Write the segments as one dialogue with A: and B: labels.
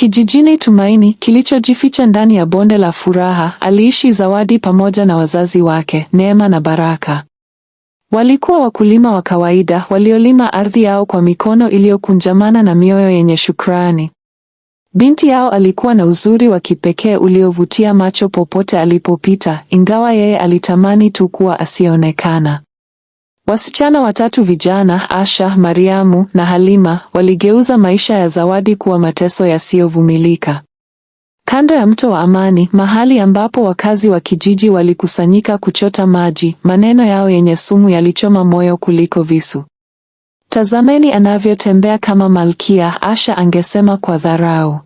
A: Kijijini Tumaini, kilichojificha ndani ya bonde la furaha, aliishi Zawadi pamoja na wazazi wake, Neema na Baraka. Walikuwa wakulima wa kawaida waliolima ardhi yao kwa mikono iliyokunjamana na mioyo yenye shukrani. Binti yao alikuwa na uzuri wa kipekee uliovutia macho popote alipopita, ingawa yeye alitamani tu kuwa asionekana. Wasichana watatu vijana, Asha, Mariamu na Halima, waligeuza maisha ya Zawadi kuwa mateso yasiyovumilika. Kando ya mto wa Amani, mahali ambapo wakazi wa kijiji walikusanyika kuchota maji, maneno yao yenye sumu yalichoma moyo kuliko visu. Tazameni anavyotembea kama malkia, Asha angesema kwa dharau.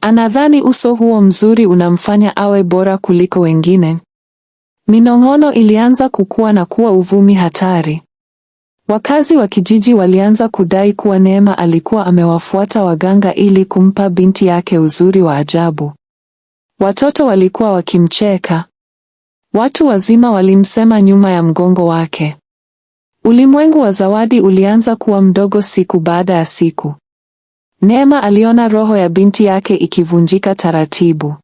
A: Anadhani uso huo mzuri unamfanya awe bora kuliko wengine. Minong'ono ilianza kukua na kuwa uvumi hatari. Wakazi wa kijiji walianza kudai kuwa Neema alikuwa amewafuata waganga ili kumpa binti yake uzuri wa ajabu. Watoto walikuwa wakimcheka. Watu wazima walimsema nyuma ya mgongo wake. Ulimwengu wa Zawadi ulianza kuwa mdogo siku baada ya siku. Neema aliona roho ya binti yake ikivunjika taratibu.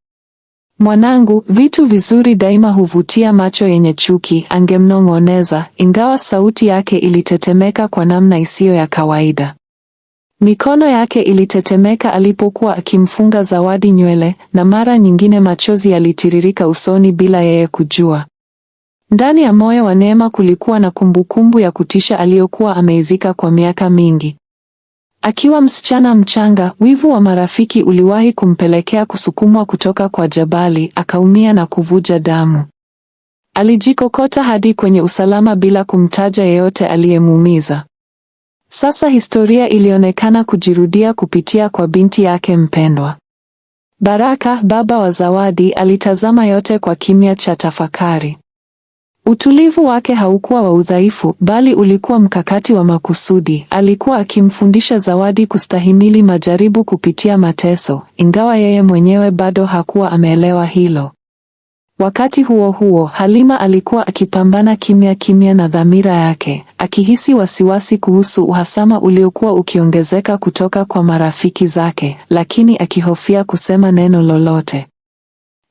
A: Mwanangu, vitu vizuri daima huvutia macho yenye chuki, angemnong'oneza, ingawa sauti yake ilitetemeka kwa namna isiyo ya kawaida. Mikono yake ilitetemeka alipokuwa akimfunga Zawadi nywele, na mara nyingine machozi yalitiririka usoni bila yeye kujua. Ndani ya moyo wa Neema kulikuwa na kumbukumbu ya kutisha aliyokuwa ameizika kwa miaka mingi. Akiwa msichana mchanga, wivu wa marafiki uliwahi kumpelekea kusukumwa kutoka kwa jabali, akaumia na kuvuja damu. Alijikokota hadi kwenye usalama bila kumtaja yeyote aliyemuumiza. Sasa historia ilionekana kujirudia kupitia kwa binti yake mpendwa. Baraka, baba wa Zawadi, alitazama yote kwa kimya cha tafakari. Utulivu wake haukuwa wa udhaifu, bali ulikuwa mkakati wa makusudi. Alikuwa akimfundisha Zawadi kustahimili majaribu kupitia mateso, ingawa yeye mwenyewe bado hakuwa ameelewa hilo. Wakati huo huo, Halima alikuwa akipambana kimya kimya na dhamira yake, akihisi wasiwasi kuhusu uhasama uliokuwa ukiongezeka kutoka kwa marafiki zake, lakini akihofia kusema neno lolote.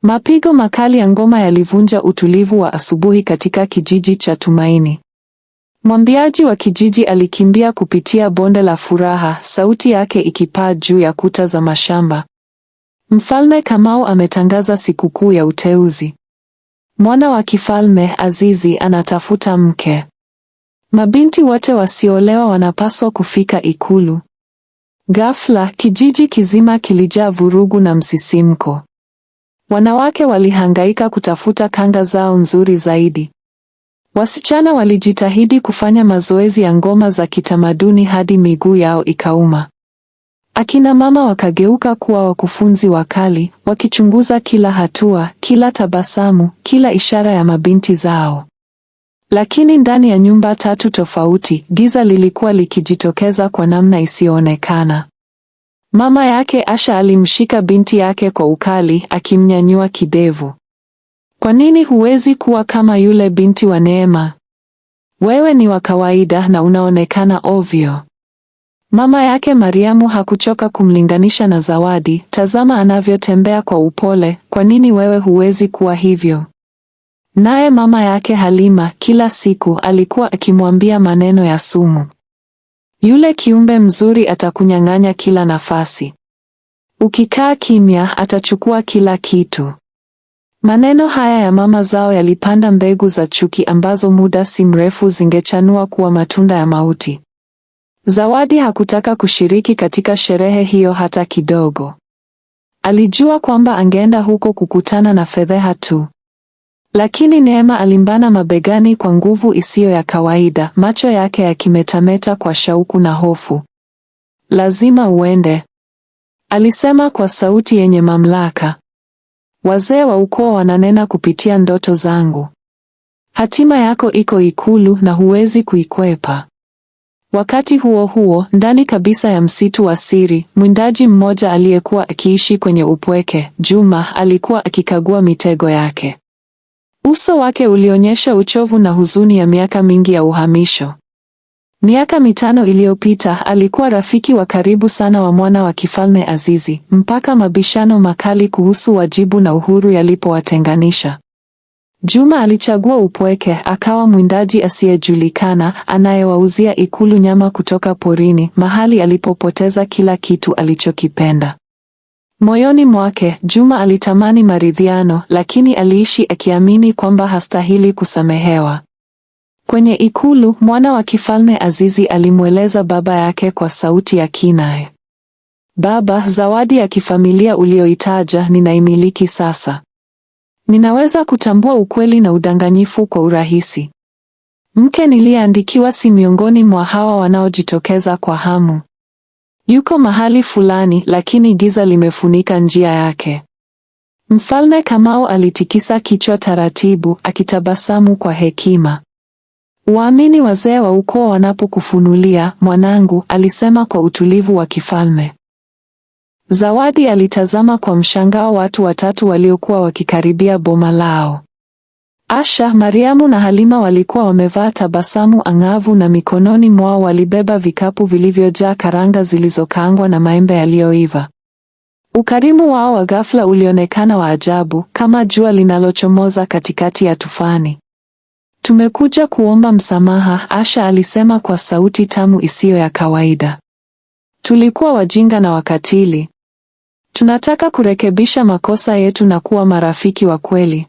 A: Mapigo makali ya ngoma yalivunja utulivu wa asubuhi katika kijiji cha Tumaini. Mwambiaji wa kijiji alikimbia kupitia bonde la furaha, sauti yake ikipaa juu ya kuta za mashamba. Mfalme Kamau ametangaza sikukuu ya uteuzi. Mwana wa kifalme Azizi anatafuta mke. Mabinti wote wasiolewa wanapaswa kufika ikulu. Ghafla kijiji kizima kilijaa vurugu na msisimko. Wanawake walihangaika kutafuta kanga zao nzuri zaidi. Wasichana walijitahidi kufanya mazoezi ya ngoma za kitamaduni hadi miguu yao ikauma. Akina mama wakageuka kuwa wakufunzi wakali, wakichunguza kila hatua, kila tabasamu, kila ishara ya mabinti zao. Lakini ndani ya nyumba tatu tofauti, giza lilikuwa likijitokeza kwa namna isiyoonekana. Mama yake Asha alimshika binti yake kwa ukali, akimnyanyua kidevu. Kwa nini huwezi kuwa kama yule binti wa Neema? Wewe ni wa kawaida na unaonekana ovyo. Mama yake Mariamu hakuchoka kumlinganisha na Zawadi. Tazama anavyotembea kwa upole, kwa nini wewe huwezi kuwa hivyo? Naye mama yake Halima kila siku alikuwa akimwambia maneno ya sumu. Yule kiumbe mzuri atakunyang'anya kila nafasi. Ukikaa kimya, atachukua kila kitu. Maneno haya ya mama zao yalipanda mbegu za chuki ambazo muda si mrefu zingechanua kuwa matunda ya mauti. Zawadi hakutaka kushiriki katika sherehe hiyo hata kidogo. Alijua kwamba angeenda huko kukutana na fedheha tu. Lakini Neema alimbana mabegani kwa nguvu isiyo ya kawaida, macho yake yakimetameta kwa shauku na hofu. Lazima uende, alisema kwa sauti yenye mamlaka. Wazee wa ukoo wananena kupitia ndoto zangu. Hatima yako iko Ikulu na huwezi kuikwepa. Wakati huo huo, ndani kabisa ya msitu wa siri, mwindaji mmoja aliyekuwa akiishi kwenye upweke, Juma, alikuwa akikagua mitego yake. Uso wake ulionyesha uchovu na huzuni ya miaka mingi ya uhamisho. Miaka mitano iliyopita alikuwa rafiki wa karibu sana wa mwana wa kifalme Azizi, mpaka mabishano makali kuhusu wajibu na uhuru yalipowatenganisha. Juma alichagua upweke, akawa mwindaji asiyejulikana anayewauzia ikulu nyama kutoka porini, mahali alipopoteza kila kitu alichokipenda. Moyoni mwake Juma alitamani maridhiano, lakini aliishi akiamini kwamba hastahili kusamehewa. Kwenye ikulu, mwana wa kifalme Azizi alimweleza baba yake kwa sauti ya kina. Baba, zawadi ya kifamilia uliyoitaja ninaimiliki sasa. Ninaweza kutambua ukweli na udanganyifu kwa urahisi. Mke niliyeandikiwa si miongoni mwa hawa wanaojitokeza kwa hamu. Yuko mahali fulani, lakini giza limefunika njia yake. Mfalme kamao alitikisa kichwa taratibu, akitabasamu kwa hekima. Waamini wazee wa ukoo wanapokufunulia, mwanangu, alisema kwa utulivu wa kifalme. Zawadi alitazama kwa mshangao watu watatu waliokuwa wakikaribia boma lao. Asha, Mariamu na Halima walikuwa wamevaa tabasamu ang'avu na mikononi mwao walibeba vikapu vilivyojaa karanga zilizokaangwa na maembe yaliyoiva. Ukarimu wao wa ghafla ulionekana wa ajabu, kama jua linalochomoza katikati ya tufani. Tumekuja kuomba msamaha, Asha alisema kwa sauti tamu isiyo ya kawaida. Tulikuwa wajinga na wakatili. Tunataka kurekebisha makosa yetu na kuwa marafiki wa kweli.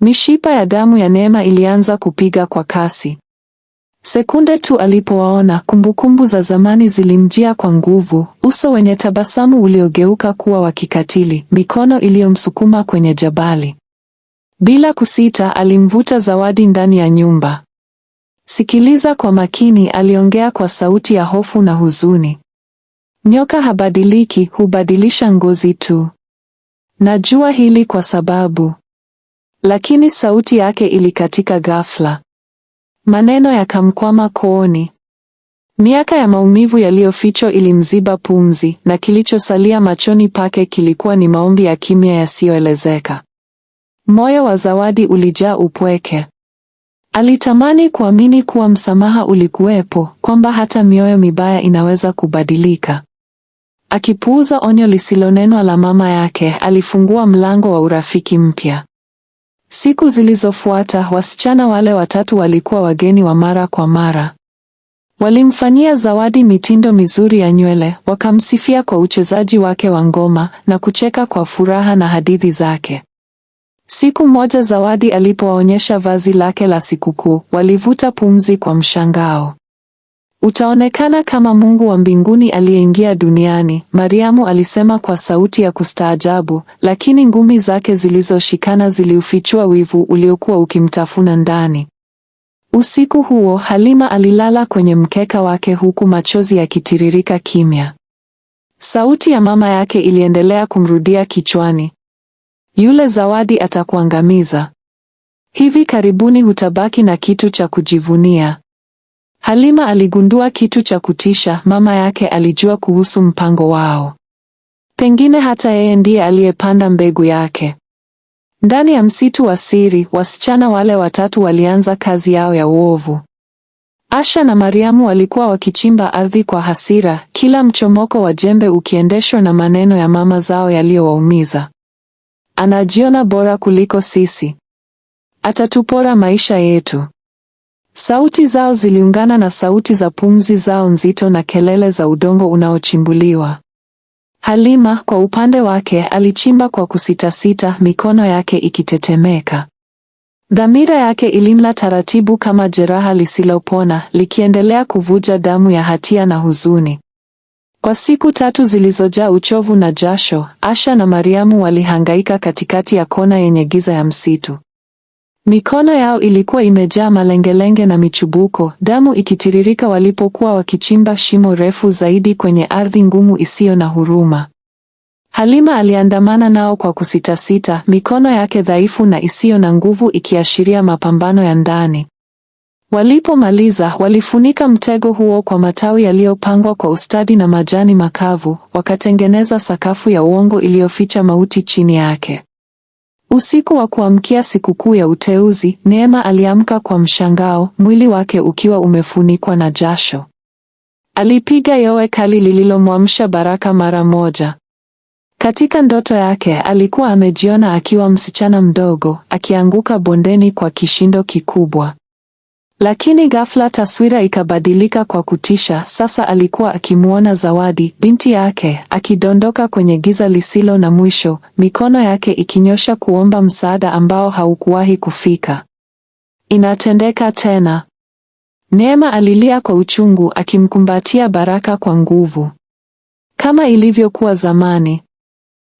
A: Mishipa ya damu ya Neema ilianza kupiga kwa kasi. Sekunde tu alipowaona, kumbukumbu za zamani zilimjia kwa nguvu, uso wenye tabasamu uliogeuka kuwa wa kikatili, mikono iliyomsukuma kwenye jabali. Bila kusita, alimvuta Zawadi ndani ya nyumba. Sikiliza kwa makini, aliongea kwa sauti ya hofu na huzuni. Nyoka habadiliki, hubadilisha ngozi tu. Najua hili kwa sababu lakini sauti yake ilikatika ghafla, maneno yakamkwama kooni. Miaka ya maumivu yaliyofichwa ilimziba pumzi, na kilichosalia machoni pake kilikuwa ni maombi ya kimya yasiyoelezeka. Moyo wa Zawadi ulijaa upweke. Alitamani kuamini kuwa msamaha ulikuwepo, kwamba hata mioyo mibaya inaweza kubadilika. Akipuuza onyo lisilonenwa la mama yake, alifungua mlango wa urafiki mpya. Siku zilizofuata wasichana wale watatu walikuwa wageni wa mara kwa mara. Walimfanyia Zawadi mitindo mizuri ya nywele, wakamsifia kwa uchezaji wake wa ngoma na kucheka kwa furaha na hadithi zake. Siku moja Zawadi alipowaonyesha vazi lake la sikukuu, walivuta pumzi kwa mshangao. Utaonekana kama Mungu wa mbinguni aliyeingia duniani, Mariamu alisema kwa sauti ya kustaajabu, lakini ngumi zake zilizoshikana ziliufichua wivu uliokuwa ukimtafuna ndani. Usiku huo Halima alilala kwenye mkeka wake huku machozi yakitiririka kimya. Sauti ya mama yake iliendelea kumrudia kichwani, yule Zawadi atakuangamiza. Hivi karibuni hutabaki na kitu cha kujivunia. Halima aligundua kitu cha kutisha, mama yake alijua kuhusu mpango wao. Pengine hata yeye ndiye aliyepanda mbegu yake. Ndani ya msitu wa siri, wasichana wale watatu walianza kazi yao ya uovu. Asha na Mariamu walikuwa wakichimba ardhi kwa hasira, kila mchomoko wa jembe ukiendeshwa na maneno ya mama zao yaliyowaumiza. Anajiona bora kuliko sisi. Atatupora maisha yetu. Sauti zao ziliungana na sauti za pumzi zao nzito na kelele za udongo unaochimbuliwa. Halima kwa upande wake alichimba kwa kusitasita, mikono yake ikitetemeka. Dhamira yake ilimla taratibu kama jeraha lisilopona, likiendelea kuvuja damu ya hatia na huzuni. Kwa siku tatu zilizojaa uchovu na jasho, Asha na Mariamu walihangaika katikati ya kona yenye giza ya msitu. Mikono yao ilikuwa imejaa malengelenge na michubuko, damu ikitiririka walipokuwa wakichimba shimo refu zaidi kwenye ardhi ngumu isiyo na huruma. Halima aliandamana nao kwa kusitasita, mikono yake dhaifu na isiyo na nguvu ikiashiria mapambano ya ndani. Walipomaliza, walifunika mtego huo kwa matawi yaliyopangwa kwa ustadi na majani makavu, wakatengeneza sakafu ya uongo iliyoficha mauti chini yake. Usiku wa kuamkia sikukuu ya uteuzi, Neema aliamka kwa mshangao, mwili wake ukiwa umefunikwa na jasho. Alipiga yowe kali lililomwamsha Baraka mara moja. Katika ndoto yake alikuwa amejiona akiwa msichana mdogo, akianguka bondeni kwa kishindo kikubwa. Lakini ghafla taswira ikabadilika kwa kutisha. Sasa alikuwa akimwona Zawadi, binti yake, akidondoka kwenye giza lisilo na mwisho, mikono yake ikinyosha kuomba msaada ambao haukuwahi kufika. Inatendeka tena. Neema alilia kwa uchungu akimkumbatia Baraka kwa nguvu. Kama ilivyokuwa zamani.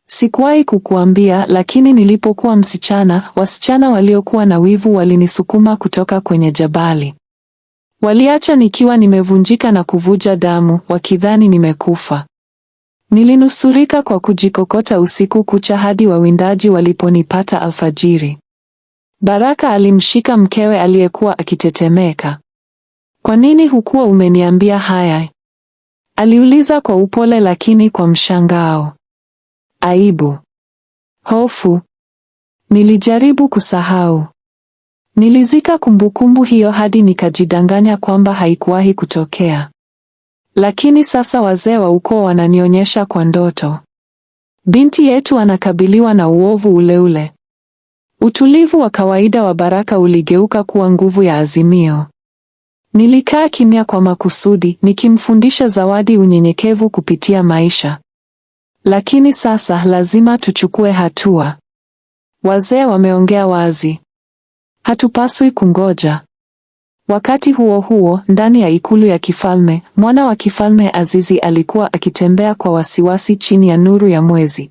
A: Sikuwahi kukuambia, lakini nilipokuwa msichana, wasichana waliokuwa na wivu walinisukuma kutoka kwenye jabali. Waliacha nikiwa nimevunjika na kuvuja damu, wakidhani nimekufa. Nilinusurika kwa kujikokota usiku kucha hadi wawindaji waliponipata alfajiri. Baraka alimshika mkewe aliyekuwa akitetemeka. Kwa nini hukuwa umeniambia haya? Aliuliza kwa upole lakini kwa mshangao aibu, hofu. Nilijaribu kusahau. Nilizika kumbukumbu hiyo hadi nikajidanganya kwamba haikuwahi kutokea. Lakini sasa wazee wa ukoo wananionyesha kwa ndoto. Binti yetu anakabiliwa na uovu ule ule. Utulivu wa kawaida wa Baraka uligeuka kuwa nguvu ya Azimio. Nilikaa kimya kwa makusudi, nikimfundisha Zawadi unyenyekevu kupitia maisha. Lakini sasa lazima tuchukue hatua. Wazee wameongea wazi. Hatupaswi kungoja. Wakati huo huo, ndani ya ikulu ya kifalme, mwana wa kifalme Azizi alikuwa akitembea kwa wasiwasi chini ya nuru ya mwezi.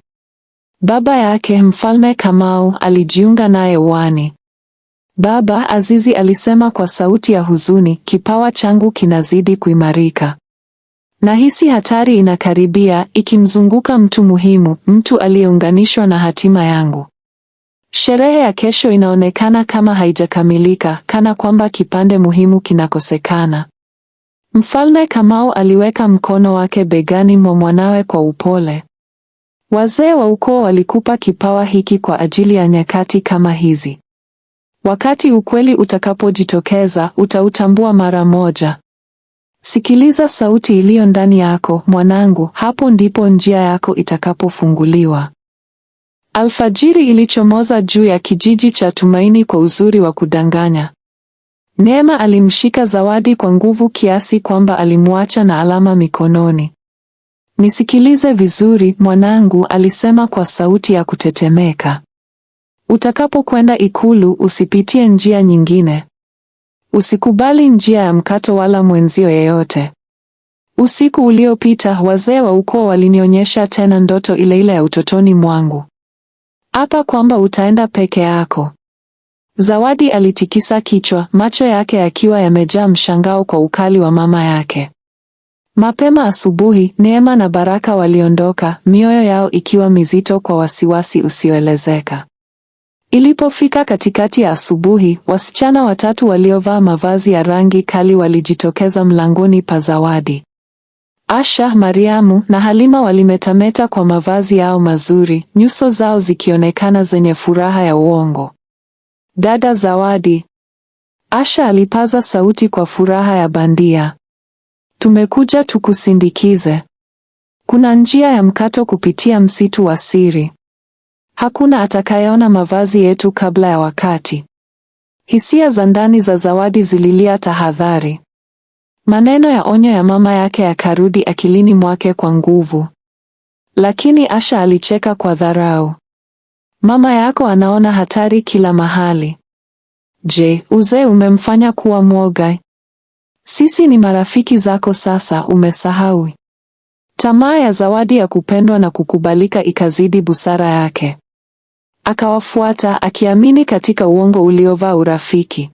A: Baba yake Mfalme Kamau alijiunga naye uani. Baba, Azizi alisema kwa sauti ya huzuni, kipawa changu kinazidi kuimarika. Nahisi hatari inakaribia, ikimzunguka mtu muhimu, mtu aliyeunganishwa na hatima yangu. Sherehe ya kesho inaonekana kama haijakamilika, kana kwamba kipande muhimu kinakosekana. Mfalme Kamau aliweka mkono wake begani mwa mwanawe kwa upole. Wazee wa ukoo walikupa kipawa hiki kwa ajili ya nyakati kama hizi. Wakati ukweli utakapojitokeza, utautambua mara moja. Sikiliza sauti iliyo ndani yako, mwanangu, hapo ndipo njia yako itakapofunguliwa. Alfajiri ilichomoza juu ya kijiji cha Tumaini kwa uzuri wa kudanganya. Neema alimshika Zawadi kwa nguvu kiasi kwamba alimwacha na alama mikononi. Nisikilize vizuri, mwanangu, alisema kwa sauti ya kutetemeka. Utakapokwenda ikulu usipitie njia nyingine. Usikubali njia ya mkato wala mwenzio yeyote. Usiku uliopita wazee wa ukoo walinionyesha tena ndoto ile ile ya utotoni mwangu. hapa kwamba utaenda peke yako. Zawadi alitikisa kichwa, macho yake yakiwa yamejaa mshangao kwa ukali wa mama yake. Mapema asubuhi, Neema na Baraka waliondoka, mioyo yao ikiwa mizito kwa wasiwasi usioelezeka. Ilipofika katikati ya asubuhi, wasichana watatu waliovaa mavazi ya rangi kali walijitokeza mlangoni pa Zawadi. Asha, Mariamu na Halima walimetameta kwa mavazi yao mazuri, nyuso zao zikionekana zenye furaha ya uongo. Dada Zawadi, Asha alipaza sauti kwa furaha ya bandia. Tumekuja tukusindikize. Kuna njia ya mkato kupitia msitu wa siri. Hakuna atakayeona mavazi yetu kabla ya wakati. Hisia za ndani za Zawadi zililia tahadhari. Maneno ya onyo ya mama yake yakarudi akilini mwake kwa nguvu. Lakini Asha alicheka kwa dharau. Mama yako anaona hatari kila mahali. Je, uzee umemfanya kuwa mwoga? Sisi ni marafiki zako sasa, umesahau? Tamaa ya Zawadi ya kupendwa na kukubalika ikazidi busara yake. Akawafuata akiamini katika uongo uliovaa urafiki.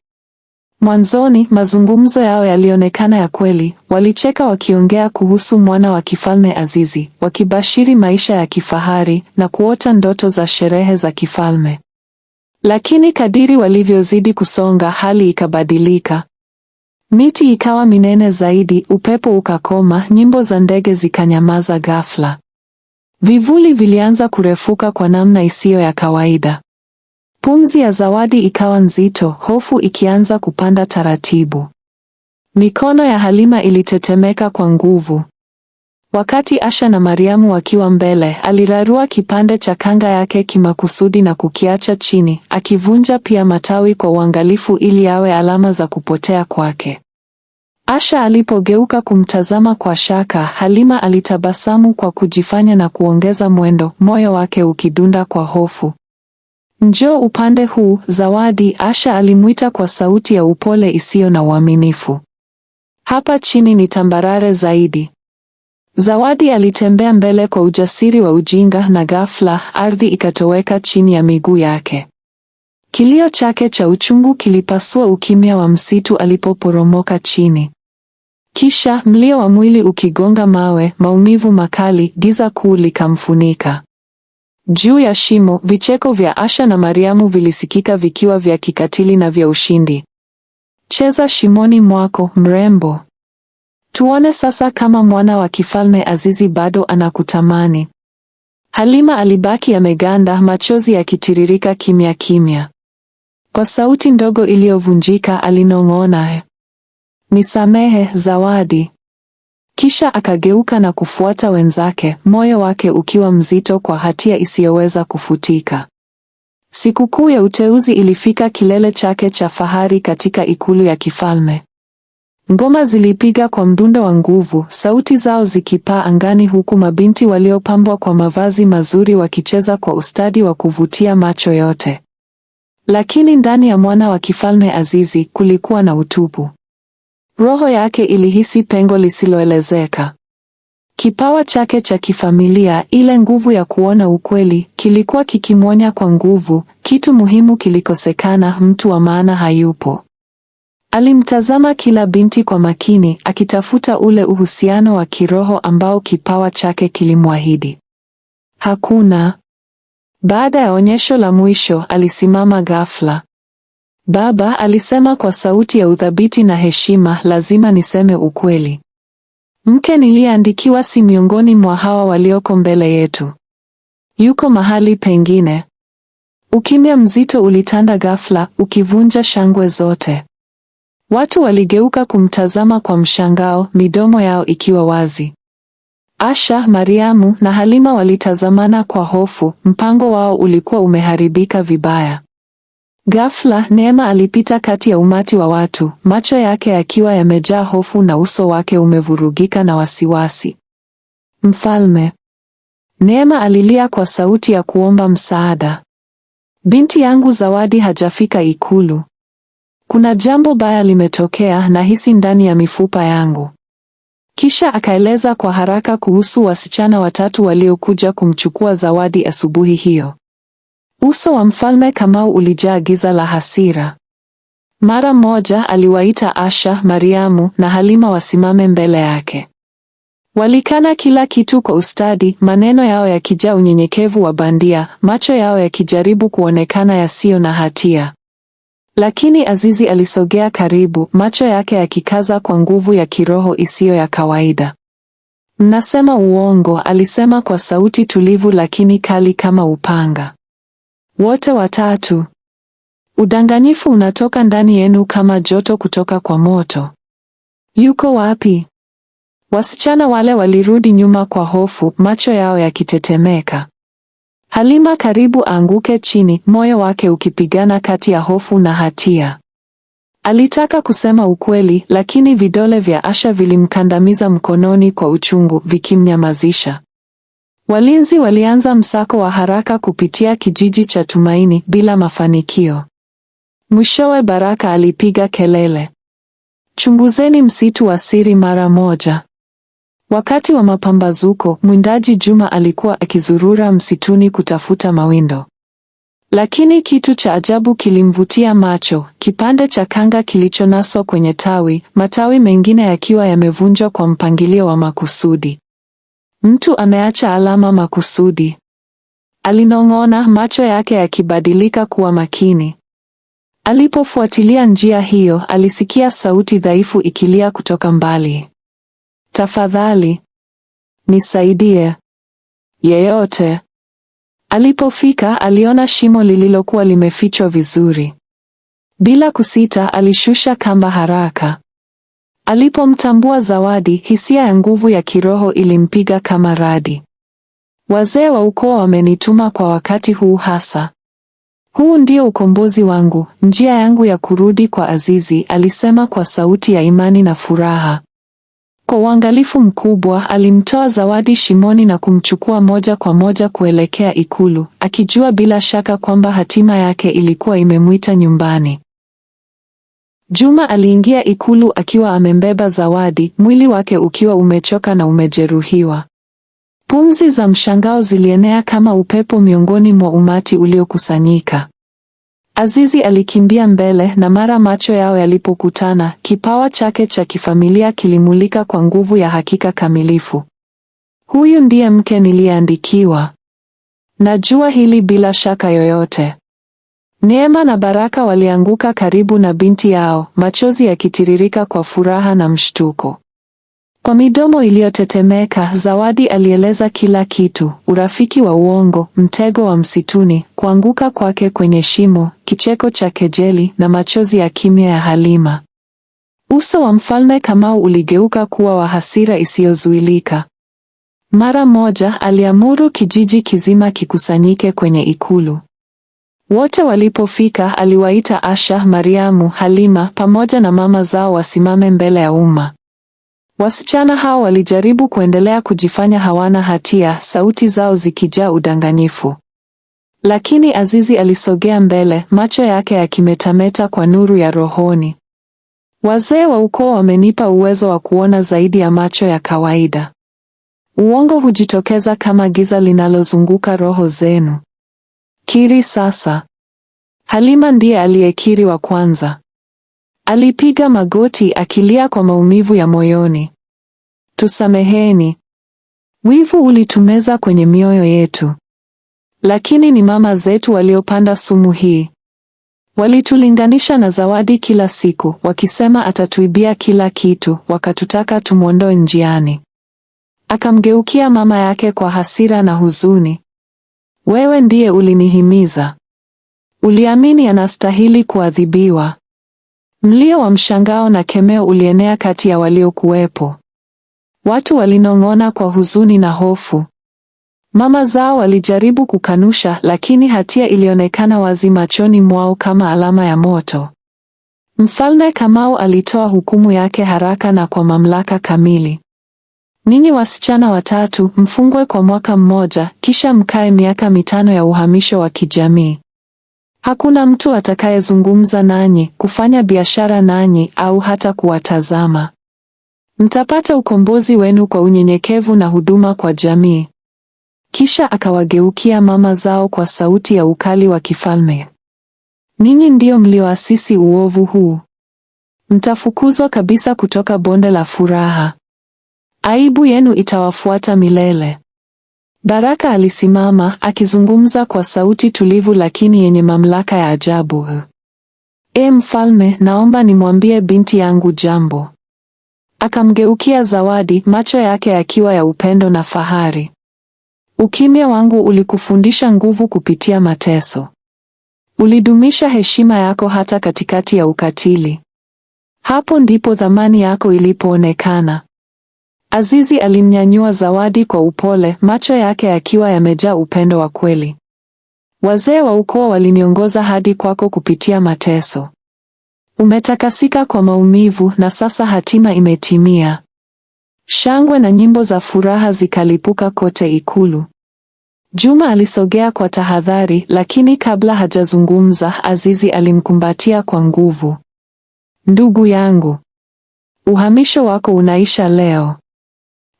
A: Mwanzoni mazungumzo yao yalionekana ya kweli, walicheka wakiongea kuhusu mwana wa kifalme Azizi, wakibashiri maisha ya kifahari na kuota ndoto za sherehe za kifalme. Lakini kadiri walivyozidi kusonga, hali ikabadilika. Miti ikawa minene zaidi, upepo ukakoma, nyimbo za ndege zikanyamaza ghafla. Vivuli vilianza kurefuka kwa namna isiyo ya kawaida. Pumzi ya Zawadi ikawa nzito, hofu ikianza kupanda taratibu. Mikono ya Halima ilitetemeka kwa nguvu. Wakati Asha na Mariamu wakiwa mbele, alirarua kipande cha kanga yake kimakusudi na kukiacha chini, akivunja pia matawi kwa uangalifu ili yawe alama za kupotea kwake. Asha alipogeuka kumtazama kwa shaka, Halima alitabasamu kwa kujifanya na kuongeza mwendo, moyo wake ukidunda kwa hofu. Njoo upande huu, Zawadi, Asha alimwita kwa sauti ya upole isiyo na uaminifu. Hapa chini ni tambarare zaidi. Zawadi alitembea mbele kwa ujasiri wa ujinga na ghafla ardhi ikatoweka chini ya miguu yake. Kilio chake cha uchungu kilipasua ukimya wa msitu alipoporomoka chini. Kisha mlio wa mwili ukigonga mawe, maumivu makali, giza kuu likamfunika. Juu ya shimo, vicheko vya Asha na Mariamu vilisikika vikiwa vya kikatili na vya ushindi. Cheza shimoni mwako, mrembo. Tuone sasa kama mwana wa kifalme Azizi bado anakutamani. Halima alibaki ameganda, machozi yakitiririka kimya kimya. Kwa sauti ndogo iliyovunjika alinong'ona, nisamehe Zawadi. Kisha akageuka na kufuata wenzake, moyo wake ukiwa mzito kwa hatia isiyoweza kufutika. Sikukuu ya uteuzi ilifika kilele chake cha fahari katika ikulu ya kifalme. Ngoma zilipiga kwa mdundo wa nguvu, sauti zao zikipaa angani huku mabinti waliopambwa kwa mavazi mazuri wakicheza kwa ustadi wa kuvutia macho yote. Lakini ndani ya mwana wa kifalme Azizi kulikuwa na utupu. Roho yake ilihisi pengo lisiloelezeka. Kipawa chake cha kifamilia, ile nguvu ya kuona ukweli, kilikuwa kikimwonya kwa nguvu, kitu muhimu kilikosekana, mtu wa maana hayupo. Alimtazama kila binti kwa makini, akitafuta ule uhusiano wa kiroho ambao kipawa chake kilimwahidi. Hakuna. Baada ya onyesho la mwisho, alisimama ghafla. Baba alisema kwa sauti ya uthabiti na heshima, lazima niseme ukweli. Mke niliyeandikiwa si miongoni mwa hawa walioko mbele yetu. Yuko mahali pengine. Ukimya mzito ulitanda ghafla, ukivunja shangwe zote. Watu waligeuka kumtazama kwa mshangao, midomo yao ikiwa wazi. Asha, Mariamu na Halima walitazamana kwa hofu, mpango wao ulikuwa umeharibika vibaya. Ghafla, Neema alipita kati ya umati wa watu, macho yake yakiwa yamejaa hofu na uso wake umevurugika na wasiwasi. Mfalme! Neema alilia kwa sauti ya kuomba msaada. Binti yangu Zawadi hajafika ikulu. Kuna jambo baya limetokea, nahisi ndani ya mifupa yangu. Kisha akaeleza kwa haraka kuhusu wasichana watatu waliokuja kumchukua Zawadi asubuhi hiyo. Uso wa Mfalme Kamau ulijaa giza la hasira. Mara moja aliwaita Asha, Mariamu na Halima wasimame mbele yake. Walikana kila kitu kwa ustadi, maneno yao yakijaa unyenyekevu wa bandia, macho yao yakijaribu kuonekana yasiyo na hatia. Lakini Azizi alisogea karibu, macho yake yakikaza kwa nguvu ya kiroho isiyo ya kawaida. Mnasema uongo, alisema kwa sauti tulivu lakini kali kama upanga wote watatu. Udanganyifu unatoka ndani yenu kama joto kutoka kwa moto. Yuko wapi? Wasichana wale walirudi nyuma kwa hofu, macho yao yakitetemeka. Halima karibu aanguke chini, moyo wake ukipigana kati ya hofu na hatia. Alitaka kusema ukweli, lakini vidole vya Asha vilimkandamiza mkononi kwa uchungu, vikimnyamazisha. Walinzi walianza msako wa haraka kupitia kijiji cha Tumaini bila mafanikio. Mwishowe Baraka alipiga kelele, chunguzeni msitu wa siri mara moja. Wakati wa mapambazuko, mwindaji Juma alikuwa akizurura msituni kutafuta mawindo, lakini kitu cha ajabu kilimvutia macho: kipande cha kanga kilichonaswa kwenye tawi, matawi mengine yakiwa yamevunjwa kwa mpangilio wa makusudi. Mtu ameacha alama makusudi. Alinong'ona, macho yake yakibadilika kuwa makini. Alipofuatilia njia hiyo, alisikia sauti dhaifu ikilia kutoka mbali. Tafadhali, nisaidie. Yeyote. Alipofika, aliona shimo lililokuwa limefichwa vizuri. Bila kusita, alishusha kamba haraka. Alipomtambua Zawadi, hisia ya nguvu ya kiroho ilimpiga kama radi. Wazee wa ukoo wamenituma kwa wakati huu hasa. Huu ndio ukombozi wangu, njia yangu ya kurudi kwa Azizi, alisema kwa sauti ya imani na furaha. Kwa uangalifu mkubwa alimtoa Zawadi shimoni na kumchukua moja kwa moja kuelekea ikulu, akijua bila shaka kwamba hatima yake ilikuwa imemwita nyumbani. Juma aliingia ikulu akiwa amembeba Zawadi, mwili wake ukiwa umechoka na umejeruhiwa. Pumzi za mshangao zilienea kama upepo miongoni mwa umati uliokusanyika. Azizi alikimbia mbele na mara macho yao yalipokutana, kipawa chake cha kifamilia kilimulika kwa nguvu ya hakika kamilifu. Huyu ndiye mke niliyeandikiwa. Najua hili bila shaka yoyote. Neema na Baraka walianguka karibu na binti yao, machozi yakitiririka kwa furaha na mshtuko. Kwa midomo iliyotetemeka, Zawadi alieleza kila kitu: urafiki wa uongo, mtego wa msituni, kuanguka kwake kwenye shimo, kicheko cha kejeli na machozi ya kimya ya Halima. Uso wa Mfalme Kamau uligeuka kuwa wa hasira isiyozuilika. Mara moja aliamuru kijiji kizima kikusanyike kwenye ikulu. Wote walipofika aliwaita Asha, Mariamu, Halima pamoja na mama zao wasimame mbele ya umma. Wasichana hao walijaribu kuendelea kujifanya hawana hatia, sauti zao zikijaa udanganyifu. Lakini Azizi alisogea mbele, macho yake yakimetameta kwa nuru ya rohoni. Wazee wa ukoo wamenipa uwezo wa kuona zaidi ya macho ya kawaida. Uongo hujitokeza kama giza linalozunguka roho zenu. Kiri sasa. Halima ndiye aliyekiri wa kwanza. Alipiga magoti akilia kwa maumivu ya moyoni. Tusameheni. Wivu ulitumeza kwenye mioyo yetu. Lakini ni mama zetu waliopanda sumu hii. Walitulinganisha na Zawadi kila siku, wakisema atatuibia kila kitu, wakatutaka tumwondoe njiani. Akamgeukia mama yake kwa hasira na huzuni. Wewe ndiye ulinihimiza. Uliamini anastahili kuadhibiwa. Mlio wa mshangao na kemeo ulienea kati ya waliokuwepo. Watu walinong'ona kwa huzuni na hofu. Mama zao walijaribu kukanusha, lakini hatia ilionekana wazi machoni mwao kama alama ya moto. Mfalme Kamau alitoa hukumu yake haraka na kwa mamlaka kamili. Ninyi wasichana watatu mfungwe kwa mwaka mmoja, kisha mkae miaka mitano ya uhamisho wa kijamii. Hakuna mtu atakayezungumza nanyi, kufanya biashara nanyi au hata kuwatazama. Mtapata ukombozi wenu kwa unyenyekevu na huduma kwa jamii. Kisha akawageukia mama zao kwa sauti ya ukali wa kifalme. Ninyi ndio mlioasisi uovu huu. Mtafukuzwa kabisa kutoka bonde la furaha aibu yenu itawafuata milele. Baraka alisimama akizungumza kwa sauti tulivu lakini yenye mamlaka ya ajabu. E mfalme, naomba nimwambie binti yangu jambo. Akamgeukia Zawadi, macho yake yakiwa ya upendo na fahari. Ukimya wangu ulikufundisha nguvu kupitia mateso. Ulidumisha heshima yako hata katikati ya ukatili. Hapo ndipo thamani yako ilipoonekana. Azizi alimnyanyua Zawadi kwa upole, macho yake yakiwa yamejaa upendo wa kweli. Wazee wa ukoo waliniongoza hadi kwako kupitia mateso. Umetakasika kwa maumivu na sasa hatima imetimia. Shangwe na nyimbo za furaha zikalipuka kote Ikulu. Juma alisogea kwa tahadhari, lakini kabla hajazungumza, Azizi alimkumbatia kwa nguvu. Ndugu yangu, uhamisho wako unaisha leo.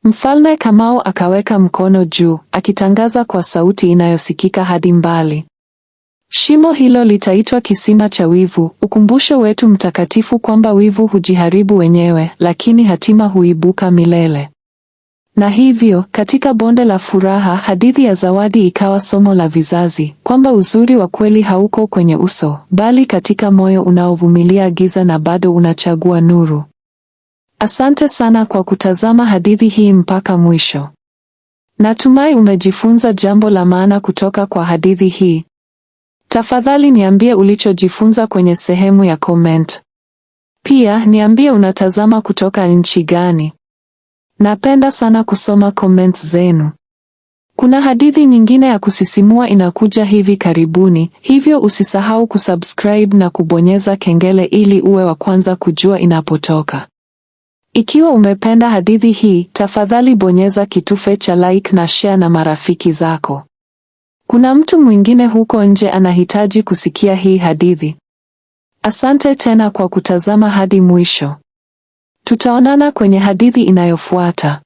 A: Mfalme Kamau akaweka mkono juu, akitangaza kwa sauti inayosikika hadi mbali. Shimo hilo litaitwa kisima cha wivu, ukumbusho wetu mtakatifu kwamba wivu hujiharibu wenyewe, lakini hatima huibuka milele. Na hivyo, katika bonde la furaha, hadithi ya Zawadi ikawa somo la vizazi, kwamba uzuri wa kweli hauko kwenye uso, bali katika moyo unaovumilia giza na bado unachagua nuru. Asante sana kwa kutazama hadithi hii mpaka mwisho. Natumai umejifunza jambo la maana kutoka kwa hadithi hii. Tafadhali niambie ulichojifunza kwenye sehemu ya comment. Pia niambie unatazama kutoka nchi gani? Napenda sana kusoma comments zenu. Kuna hadithi nyingine ya kusisimua inakuja hivi karibuni, hivyo usisahau kusubscribe na kubonyeza kengele ili uwe wa kwanza kujua inapotoka. Ikiwa umependa hadithi hii, tafadhali bonyeza kitufe cha like na share na marafiki zako. Kuna mtu mwingine huko nje anahitaji kusikia hii hadithi. Asante tena kwa kutazama hadi mwisho. Tutaonana kwenye hadithi inayofuata.